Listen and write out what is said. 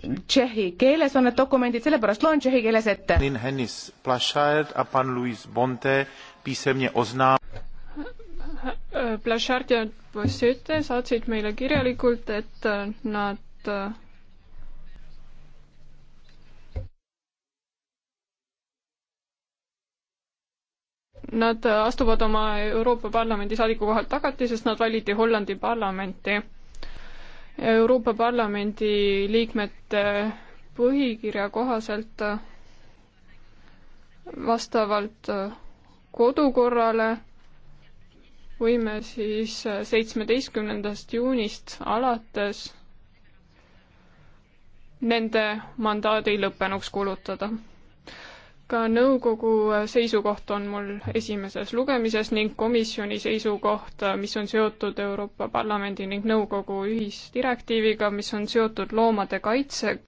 tšehhi keeles on need dokumendid, sellepärast loen tšehhi keeles ette. Hennis Plašard a pan Luis Bonte pisemne oznaam-. Plašard ja Bossete saatsid meile kirjalikult, et äh, nad äh, Nad astuvad oma Euroopa Parlamendi saadiku kohalt tagasi, sest nad valiti Hollandi parlamenti Euroopa Parlamendi liikmete põhikirja kohaselt vastavalt kodukorrale võime siis seitsmeteistkümnendast juunist alates nende mandaadi lõppenuks kuulutada ka nõukogu seisukoht on mul esimeses lugemises ning komisjoni seisukoht, mis on seotud Euroopa Parlamendi ning nõukogu ühisdirektiiviga, mis on seotud loomade kaitsega.